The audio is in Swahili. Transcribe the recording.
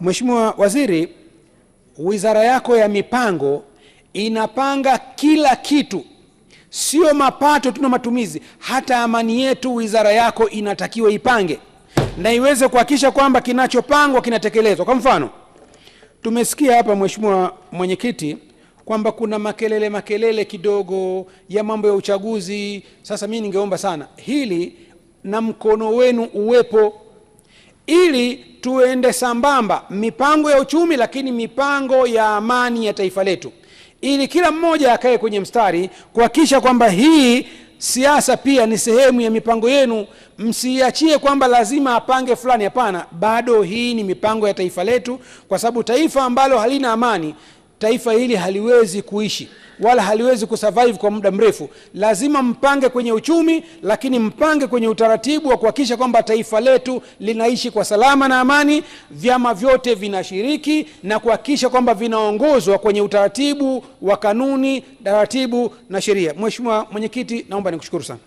Mheshimiwa Waziri, wizara yako ya mipango inapanga kila kitu, sio mapato tuna matumizi. Hata amani yetu wizara yako inatakiwa ipange na iweze kuhakikisha kwamba kinachopangwa kinatekelezwa. Kwa mfano, tumesikia hapa Mheshimiwa Mwenyekiti kwamba kuna makelele makelele kidogo ya mambo ya uchaguzi. Sasa mimi ningeomba sana hili na mkono wenu uwepo ili tuende sambamba mipango ya uchumi, lakini mipango ya amani ya taifa letu, ili kila mmoja akae kwenye mstari kuhakikisha kwamba hii siasa pia ni sehemu ya mipango yenu. Msiachie kwamba lazima apange fulani, hapana. Bado hii ni mipango ya taifa letu, kwa sababu taifa ambalo halina amani taifa hili haliwezi kuishi wala haliwezi kusurvive kwa muda mrefu. Lazima mpange kwenye uchumi, lakini mpange kwenye utaratibu wa kuhakikisha kwamba taifa letu linaishi kwa salama na amani. Vyama vyote vinashiriki na kuhakikisha kwamba vinaongozwa kwenye utaratibu wa kanuni, taratibu na sheria. Mheshimiwa Mwenyekiti, naomba nikushukuru sana.